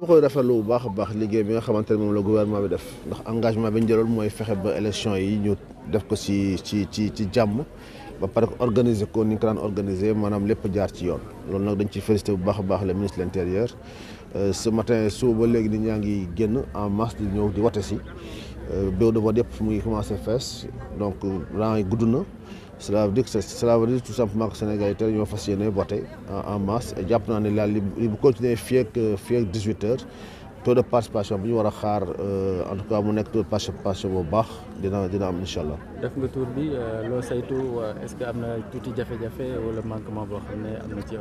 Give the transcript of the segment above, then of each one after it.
ma koy rafetlu bu baax a baax liggéey bi nga xamante ne moom la gouvernement bi def ndax engagement bi ñu jëloon mooy fexe ba élection yi ñu def ko ci ci ci ci jàmm ba pare ko organiser ko ni ñu ko daan organiser maanaam lépp jaar ci yoon loolu nag dañ ciy félicité bu baax a baax le ministre de l'intérieur euh, ce matin suba ba léegi nit ñaa ngi génn en masse di ñëw di wate si euh, bureau de vote yëpp muy ngi commencé fees donc rang yi gudd na cela veut dire que cela veut dire tout simplement que Sénégal ñoo fas yéene voté en masse jàpp naa ne laal li bu continuer fii ak fii ak 18 heures taux de participation bi ñu war a xaar euh, en tout cas mu nekk taux de participation bu baax dina dina am incha allah. def nga tour bi euh, loo saytu euh, est tuuti jafe-jafe wala manquement boo xam ne am na ci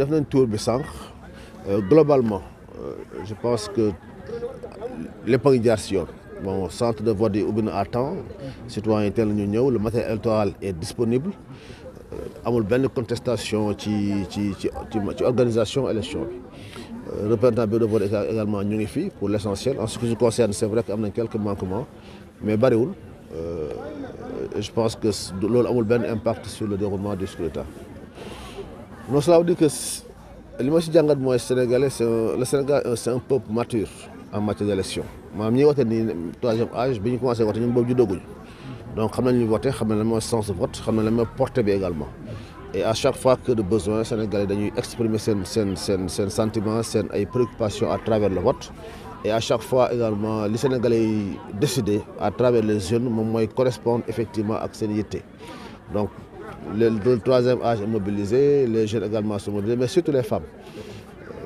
def nañ tour bi sànq globalement je pense que lépp a ngi jaar si yoon. bon centre de vote yi à temps citoyens yi la ñu ñëw le matériel électoral est disponible euh, amul benn contestation ci ci ci ci organisation élection bi euh, représentant de vote également ñu ngi fi pour l' essentiel en ce qui nous concerne c' est vrai que am quelques manquements mais bariwul euh, je pense que loolu amul benn impact sur le déroulement du scrutin non cela veut dire que li ma si jàngat mooy sénégalais le Sénégal c' est un peuple mature en matière d'élection maanaam ñuy wote nii troisième âge bi ñu commencé wote ñun boobu juddooguñu donc xam nañ ñu voté xam nañ la mooy sens vote xam na la mooy portée bi également et à chaque fois que de besoin sénégalais dañuy exprimer seen seen seen seen sentiment seen ay préoccupations à travers le vote et à chaque fois également li sénégalais yi décidé à travers les jeunes moom mooy correspondre effectivement ak seen yitte donc le troisième âge est mobilisé les jeunes également sont mobilisés les femmes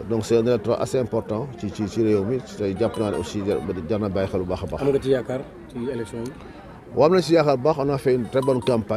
donc c' est un électron assez important ci ci ci réew mi tey jàpp naa aussi jar na bàyyi xel baax a baax. am nga ci yaakaar ci waaw am ci yaakaar baax on a fait très bonne campagne.